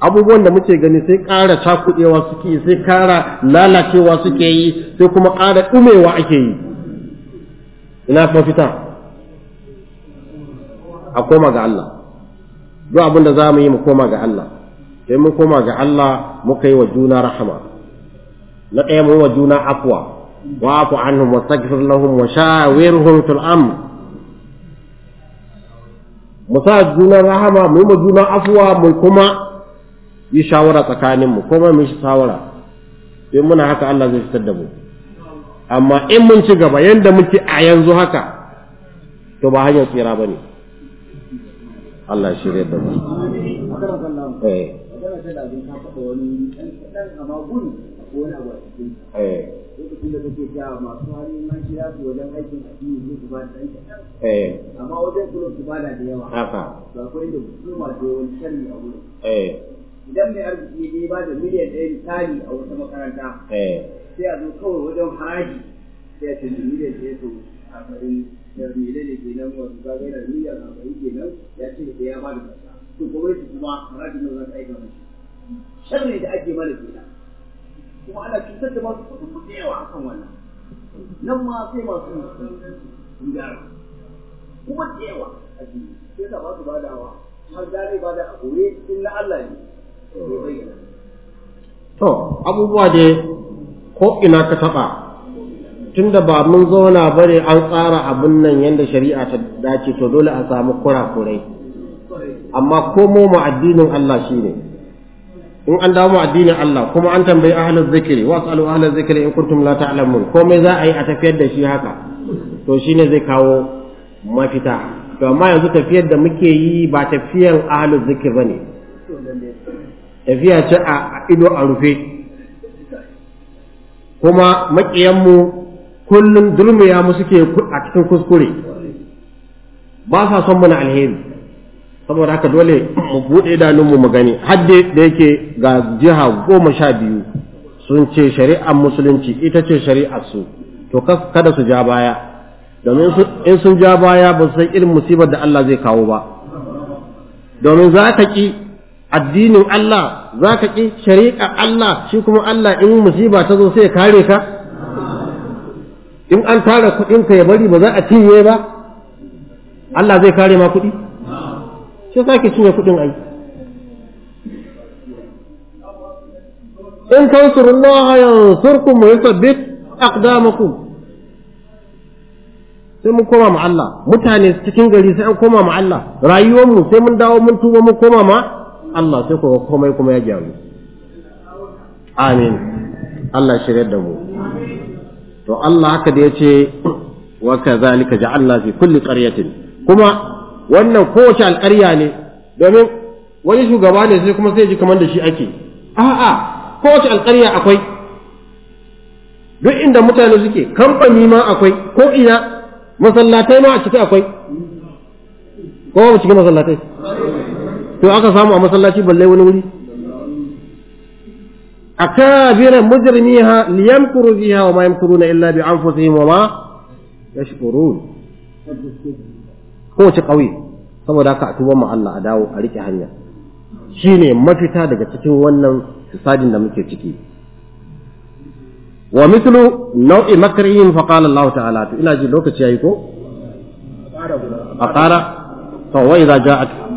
abubuwan da muke gani sai ƙara cakuɗewa suke sai ƙara lalacewa suke yi sai kuma ƙara ɗumewa ake yi ina fita? a koma ga Allah duk abin da za mu yi mu koma ga Allah sai mu koma ga Allah muka yi wa juna rahama na ɗaya mu wa juna afwa wa afu anhum wa tagfir lahum wa shawirhum fil amr mu sa juna rahama mu yi wa juna afwa mu kuma yi shawara tsakaninmu ko ma mu yi shawara in muna haka Allah zai fitar da mu amma in mun ci gaba yanda muke a yanzu haka to ba hanyar tsira ba ne Allah shi da mu eh. Eh. Eh. wajen wajen su ba da yawa haka akwai da yawan a wurin idan mai arziki ne ba da miliyan ɗaya misali a wata makaranta eh. sai a zo kawai wajen haraji sai a ce miliyan ɗaya to arba'in da miliyan ne ke nan wasu ba gaira miliyan arba'in ke nan ya ce da ya ba da kasa to gwamnati kuma harajin nan za ta aika mashi shirin da ake mana kenan kuma ana cutar da masu kuɗin kuɗi yawa a kan wannan nan ma sai masu gyara kuma da yawa a jini sai ta ba su badawa har gane ba da a gore in na Allah ne to abubuwa dai ko ina ka taɓa tunda ba mun zauna bare an tsara abin nan yadda shari'a ta dace to dole a samu kurakurai amma komo mu addinin Allah shi ne, in an dawo mu addinin Allah kuma an tambayi ahlul zikri wasalu ahlul zikri in kuntum la ta'lamun komai za a yi a tafiyar da shi haka to shi ne zai kawo mafita to amma yanzu tafiyar da muke yi ba tafiyan ahlul zikri bane tafiya ce a ido a rufe kuma maƙiyanmu kullum durmiya mu suke a cikin kuskure ba sa son muna alheri saboda haka dole mu buɗe idanunmu mu gani hadde da yake ga jiha goma sha biyu sun ce shari'ar musulunci ita ce shari'ar su to kada su ja baya domin in sun ja baya ba su san irin musibar da Allah zai kawo ba domin za ka ki addinin Allah za ka ƙi shari'a Allah shi kuma Allah in musiba ta zo sai ya kare ka in an tara kuɗinka ya bari ba za a cinye ba Allah zai kare ma kuɗi sai za ki cinye kuɗin ai in tansurullaha yansurkum wa yuthabbit aqdamakum sai mun koma ma Allah mutane cikin gari sai an koma ma Allah rayuwarmu sai mun dawo mun tuba mun koma ma Allah sai kuma komai kuma ya gyaru amin Allah shirya da mu to Allah haka da ya ce wa kadhalika Allah fi kulli qaryatin kuma wannan kowace alƙarya ne domin wani shugaba ne sai kuma sai ji kamar da shi ake a'a kowace alƙarya akwai duk inda mutane suke kamfani ma akwai ko ina masallatai ma a ciki akwai ko ba cikin masallatai to aka samu a masallaci balle wani wuri akabira mujrimiha liyamkuru biha wa ma yamkuruna illa bi anfusihim wa ma yashkurun kowace ƙauye saboda haka a tuba mu Allah a dawo a rike hanya shine mafita daga cikin wannan sadin da muke ciki wa mithlu nau'i makrihim fa qala Allah ta'ala to ina ji lokaci yayi ko a wa idza ja'at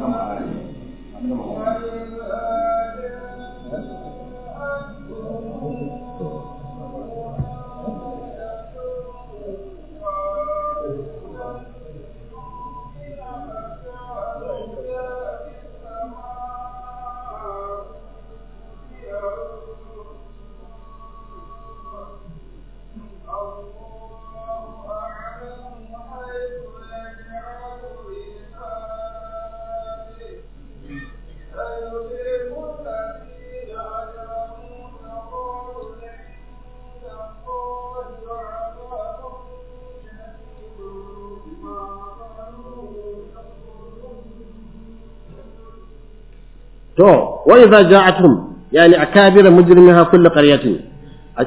وإذا جاءتهم يعني أكابر مجرمها كل قرية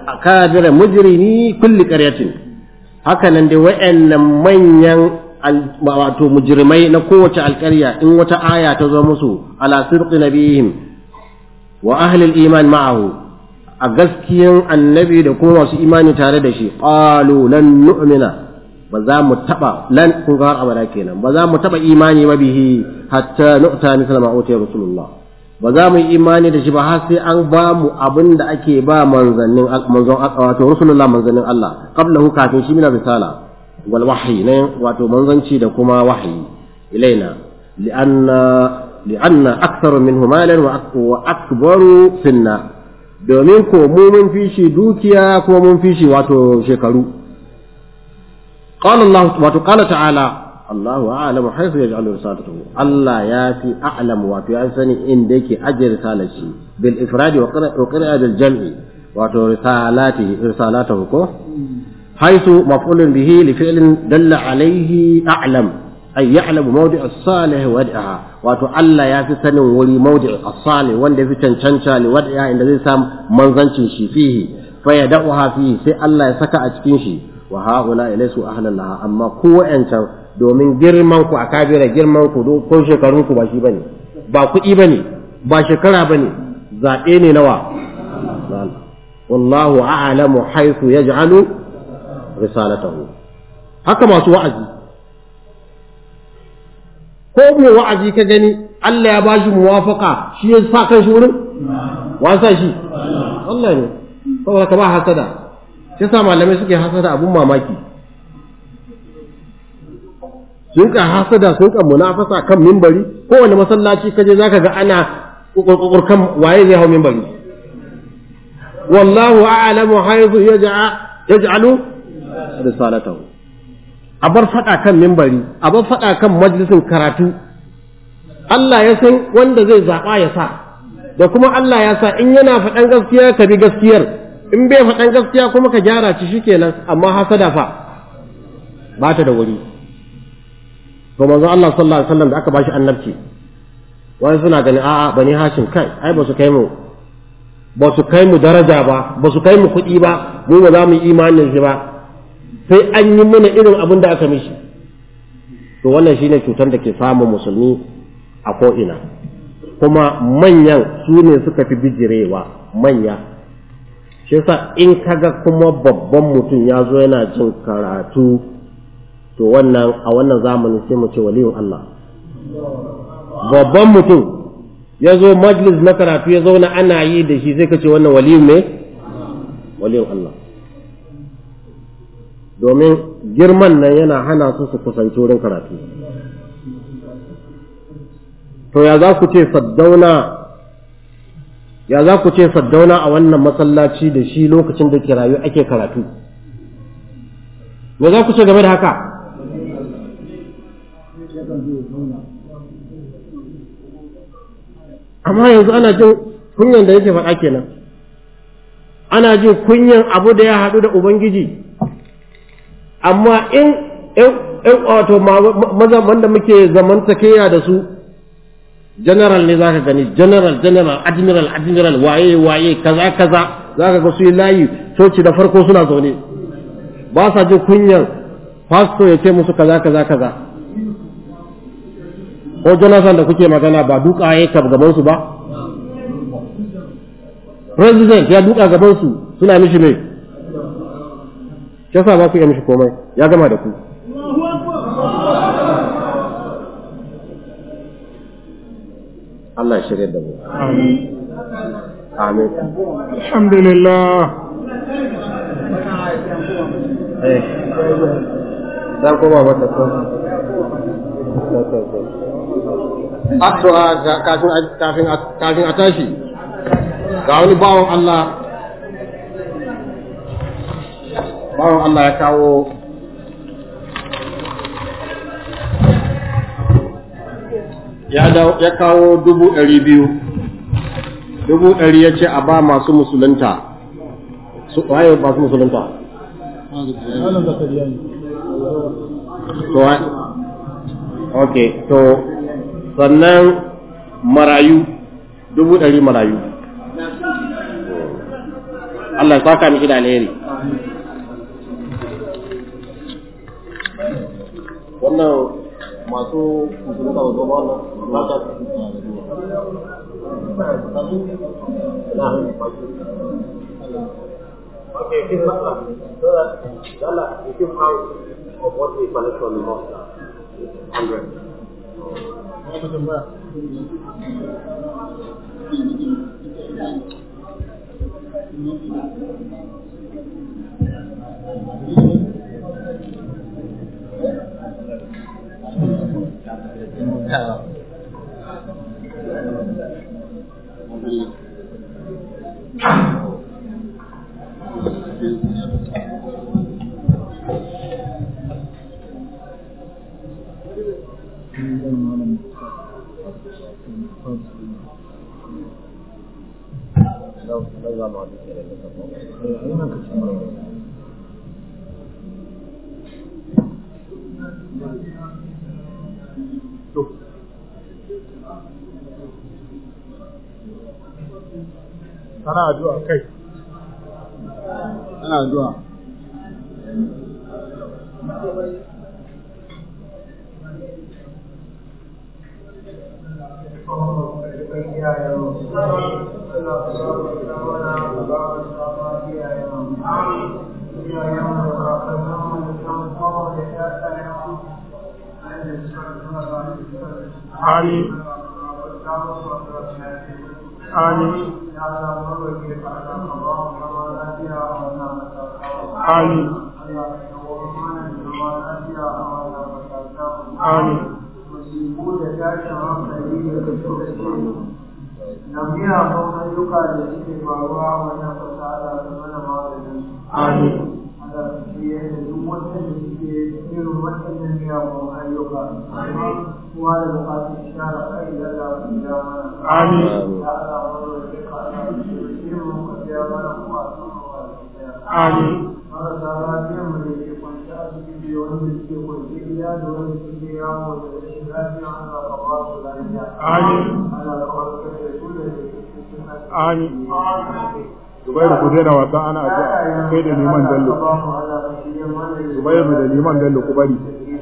أكابر مجرمي كل قرية هكذا عندما وأن من ين مجرمين قوة القرية إن وتعايا تزمسوا على صدق نبيهم وأهل الإيمان معه أغسكي النبي لكم وسي إيمان تاردشي قالوا لن نؤمن بزام متبع لن نغار أولاكينا بزام متبع إيماني وبه حتى نؤتى مثل ما أوتي رسول الله ba za mu yi imani da shi ba har sai an ba mu abin da ake ba manzannin manzon wato rasulullah manzannin Allah qablahu kafin shi mina risala wal wahyi ne wato manzanci da kuma wahyi ilaina li'anna li'anna aktharu minhu malan wa akbaru sinna domin ko mu mun fi shi dukiya kuma mun fi shi wato shekaru qala Allah wato qala ta'ala Allahu a'lamu haythu yaj'alu risalatahu Allah ya fi a'lam wato ya sani inda yake ajiye risalar shi bil ifradi wa qira'a jam'i wato risalati risalatahu ko haythu maf'ulun bihi li fi'lin dalla alayhi a'lam ay ya'lamu mawdi' as-salih wad'a wato Allah ya fi sanin wuri mawdi' as-salih wanda ya fi cancanta li wad'a inda zai samu manzancin shi fihi fa yad'uha sai Allah ya saka a cikin shi wa ha'ula ilaysu ahlan laha amma ku domin girman ku a kabira girman ku ko shekarun ku ba shi bane ba kuɗi bane ba shekara bane zaɓe ne nawa wallahu a'lamu haythu yaj'alu risalatahu haka masu wa'azi ko mu wa'azi ka gani Allah ya bashi muwafaka shi ya sa kan shi wurin wasa shi Allah ne saboda ka ba hasada sai sa malamai suke hasada abun mamaki sun ka hasada sun ka munafasa kan mimbari kowane masallaci kaje zaka ga ana kan waye zai hau mimbari wallahu a'lamu haythu yaj'alu risalatahu a fada kan mimbari a fada kan majalisin karatu Allah ya san wanda zai zaba ya sa da kuma Allah ya sa in yana faɗan gaskiya ka bi gaskiyar in bai faɗan gaskiya kuma ka gyara ci shikenan amma hasada fa ba ta da wuri to manzo Allah sallallahu alaihi wasallam da aka bashi annabci wani suna ganin a'a bani hashim kai ai ba su kai mu ba su kai mu daraja ba ba su kai mu kuɗi ba mu ba za mu yi imanin shi ba sai an yi mana irin abin da aka mishi to wannan shine cutar da ke samun musulmi a ko'ina kuma manyan su ne suka fi bijirewa manya shi yasa in kaga kuma babban mutum ya zo yana jin karatu to wannan a wannan zamanin sai mu ce waliyun Allah babban mutum ya zo majlis na karatu ya zauna ana yi da shi sai ka ce wannan waliyun me waliyun Allah domin girman nan yana hana su su kusanci wurin karatu to ya za ku ce saddauna ya za ku ce saddauna a wannan masallaci da shi lokacin da ke rayu ake karatu me za ku ce game da haka amma yanzu ana jin kunyan da yake faɗa kenan ana jin kunyan abu da ya haɗu da ubangiji amma in in wato mazaman da muke zamantakeya da su general ne za ka gani general general admiral admiral waye waye kaza kaza za ga su yi layi coci da farko suna zaune ba sa jin kunyan pastor ya ce musu kaza kaza kaza ko jonathan da kuke magana ba duka ya kaf gaban su ba president ya duka gaban su suna mishi mai kasa ba ku ya mishi komai ya gama da ku Allah shirya da mu amin alhamdulillah ta koma mata ta kafin a tashi ga wani bawon Allah bawan Allah ya kawo ya kawo dubu ɗari biyu dubu ɗari ya ce a ba masu musulunta su waye masu musulunta to ok to sannan marayu dubu ɗari marayu Allah ya saka miki da alheri wannan masu musulunta da zama Okay, So you 100. は、本当に、imam Malik da ana addu'a kai ana addu'a منہ Amin. Marasa da Amin. Amin. Zubairu ku daina wasa ana addu'a kai da liman dallo. Zubairu da liman dallo ku bari.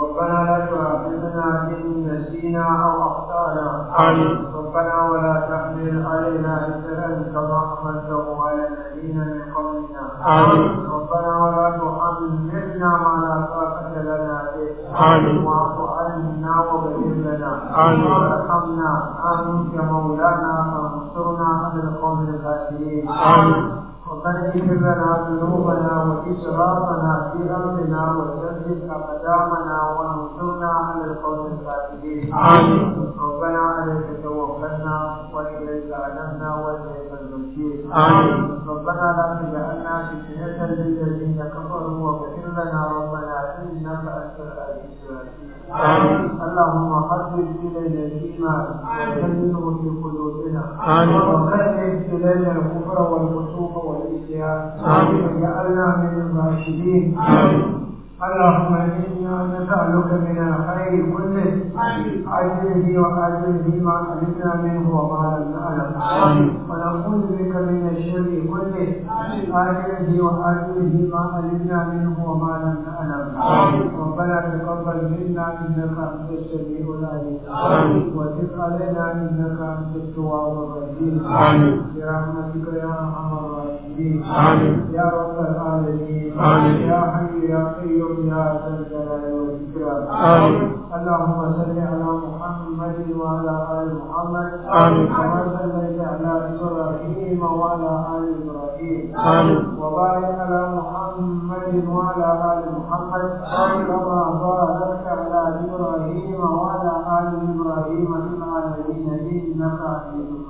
ربنا لا تؤاخذنا إن نسينا أو أخطأنا آمين ربنا ولا تحمل علينا إسرا كما حملته على الذين من قبلنا آمين ربنا ولا تحملنا ما لا طاقة لنا به آمين واعف عنا واغفر لنا آمين وارحمنا آمين يا مولانا فانصرنا على القوم الكافرين آمين وثبت ذنوبنا وإسرافنا في أمرنا وثبت أقدامنا وانصرنا على القوم الكافرين. آمين. ربنا عليك توكلنا وإليك أنبنا وإليك المصير. آمين. ربنا لا تجعلنا فتنة للذين كفروا واغفر لنا ربنا إنك أنت العزيز اللهم حبب إلينا الإيمان وزينه في قلوبنا. آمين. وكره إلينا الكفر والفسوق آمين. وجعلنا من الراشدين آمين اللهم إني نسألك من الخير كله أجل لي وأجل لي ما علمنا منه وما لم نعلم ونعوذ بك من الشر كله أجل لي وأجل لي ما علمنا منه وما لم نعلم ربنا تقبل منا إنك أنت السميع العليم وتب علينا إنك أنت التواب الرحيم برحمتك يا أرحم الراحمين يا رب العالمين يا حي يا قيوم يا ذا الجلال والإكرام اللهم صل على محمد وعلى آل محمد كما صليت على إبراهيم وعلى آل إبراهيم وبارك على محمد وعلى آل محمد كما باركت على إبراهيم وعلى آل إبراهيم في العالمين إنك حميد